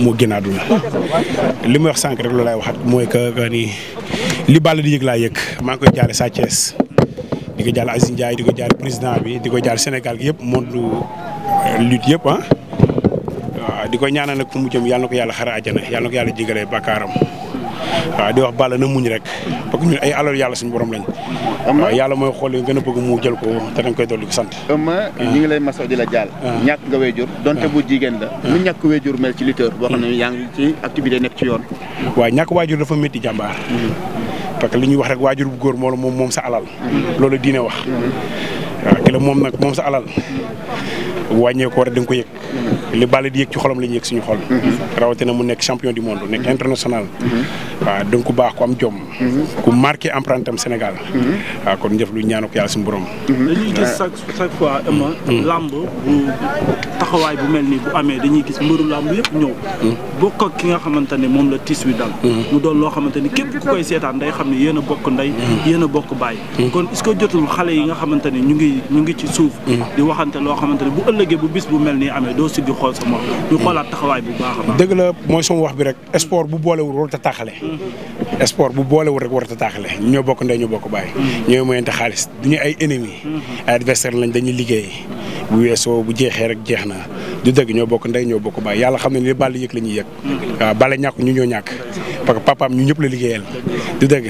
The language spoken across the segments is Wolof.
moo génn àdduna li ma wax sànq rek loolu laay waxat mooy que que ni li Balla di yëg laa yëg maa ngi koy jaale Sa Thiès di ko jaale Aziz Ndiaye di ko jaale président bi di ko jaale Sénégal yëpp monde euh, lutte yëpp a ah. di ko ñaanal nag fu mu jëm na ko yàlla xara àjjana yàlla na ko yàlla jégalee bakkaaram waaw di wax Balla na muñ rek parce que ñun ay alal yàlla suñu borom lañ. waaw yàlla mooy xool li gën a bëgg mu jël ko te dañ koy dolli ko sant. ëmma ah. ñi ngi lay masaw di la jaal. Ah. ñàkk nga wéjur donte ah. bu jigéen la. nu ñàkk wéjur mel ci lutteur boo xam ne hmm. yaa ngi ci activité nekk ci yoon. waaw ñàkk waajur dafa métti jàmbaar. Hmm. parce que lu ñuy wax rek waajur bu góor moom moom sa alal. Hmm. loolu diine wax. waaw ki la moom nag moom sa alal wàññee ko war di nga ko yëg li bàlle di yëg ci xolam la ñu yëg suñu xol rawatina mu nekk champion du monde nekk international waaw danga ko baax ku am jom ku marqué empreinte am Sénégal waaw kon njëf lu ñaanu ko yàlla suñu borom dañuy gis chaque fois ama mm. làmb taxawaay bu mel ni bu amee dañuy gis mbëru làmb yëpp ñëw mm. bokk ak ki nga xamante ne moom la tiis wi dal mm. mu doon loo xamante ni képp ku koy seetaan day xam ne yéen a bokk ndey yéen bokk bàyyi kon est-ce jotul xale yi nga xamante ñu ngi ci ñu ngi ci suuf mm. di waxante loo xamante ne bu ëllëgee bu bis bu mel nii amee doo siggi xool sa ñu mm. xoolaat taxawaay bu baax a baax dëgg la mooy sama wax bi rek sport bu boolewul warut a taaxale mm. sport bu boolewul rek warut a taaxale ñoo bokk ndey ñoo bokk bàyyi ñooy moyente xaalis duñu ay ennemi mm-hmm. ay adversaire lañ dañuy liggéey bu weesoo bu jeexee rek jeex na du dëgg ñoo bokk ndey ñoo bokk baay yàlla xam ne ni bàll yëg la ñuy yëg waaw bàlle ñu ñoo ñàkk parce que papaam ñu ñëpp la liggéeyal du dëgg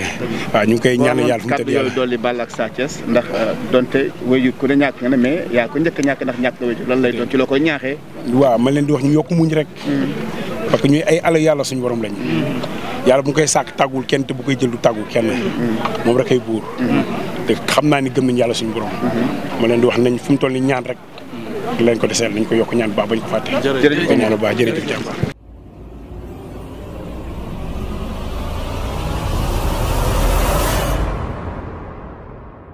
waaw ñu ngi koy ñaan yàlla fu mu tëdd yàlla dolli bàll ak Sa Thiès ndax euh, donte wéyjur ku ne ñàkk ne mais yaa lan lay doon ci loo koy ñaaxee waaw ma leen di wax ñu yokk muñ rek hmm. parce que ñu ay ala yàlla suñu borom lañ hmm. yàlla bu koy sàkk tàggul kenn te bu koy jël du tàggu kenn hmm. moom rek ay buur te xam naa ni gën nañ yàlla suñu borom ma leen di wax nañ fu mu toll ni ñaan rek lañ ko deseel nañ ko yokk ñaan bu baax bañ ko fàtte. jërëjëf ñaan bu